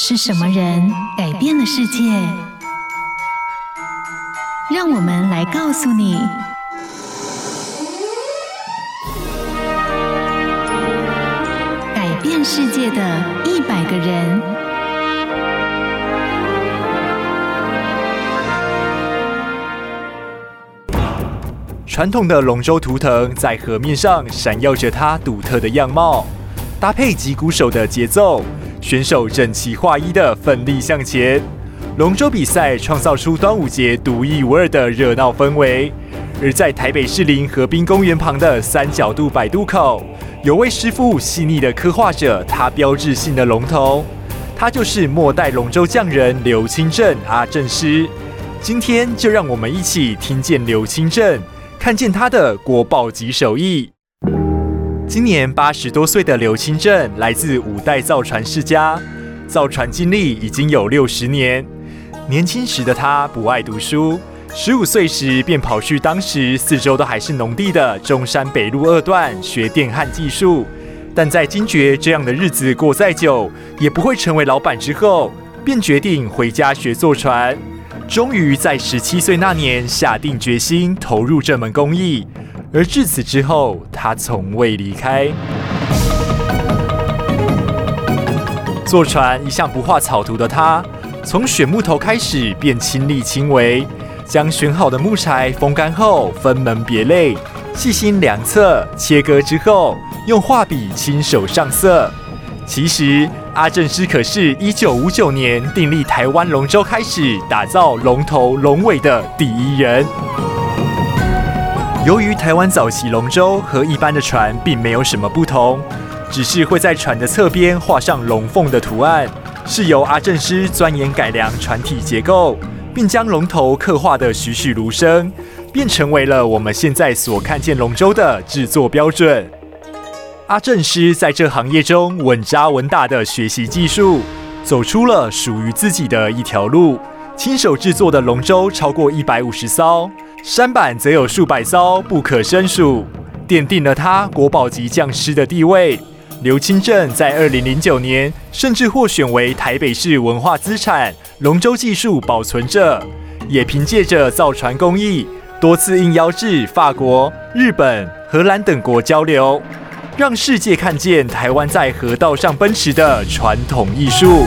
是什麼人改變了世界？讓我們來告訴你：改變世界的一百個人。傳統的龍舟圖騰在河面上閃耀着它獨特的樣貌，搭配擊鼓手的節奏。選手整齊劃一的奮力向前，龍舟比賽創造出端午節獨一無二的熱鬧氛圍。而在台北士林河濱公園旁的三角渡擺渡口，有位師傅細膩的刻畫着他標誌性的龍頭，他就是末代龍舟匠人劉清正阿正師。今天就讓我們一起聽見劉清正，看見他的國寶級手藝。今年八十多歲的劉清正來自五代造船世家，造船經歷已經有六十年。年輕時的他不愛讀書，十五歲時便跑去當時四周都還是農地的中山北路二段學電焊技術，但在驚覺這樣的日子過再久也不會成為老板之後，便決定回家學造船。終於在十七歲那年下定決心投入這門工藝。而至此之後，他從未離開。造船一向不畫草圖的他，從選木頭開始便親力親為，將選好的木材風乾後分門別類，細心量測、切割之後，用畫筆親手上色。其實，阿正師可是一九五九年訂立台灣龍舟開始打造龍頭龍尾的第一人。由於台灣早期龍舟和一般的船並沒有什麼不同，只是會在船的側邊畫上龍鳳的圖案。是由阿正師鑽研改良船體結構，並將龍頭刻畫得栩栩如生，便成為了我們現在所看見龍舟的製作標準。阿正師在這行業中穩紮穩打的學習技術，走出了屬於自己的一條路。親手製作的龍舟超過一百五十艘。杉板則有數百艘，不可勝數，奠定了他國寶級匠師的地位。劉清正在二零零九年甚至獲選為台北市文化資產龍舟技術保存者，也憑借着造船工藝，多次應邀至法國、日本、荷蘭等國交流，讓世界看見台灣在河道上奔馳的傳統藝術。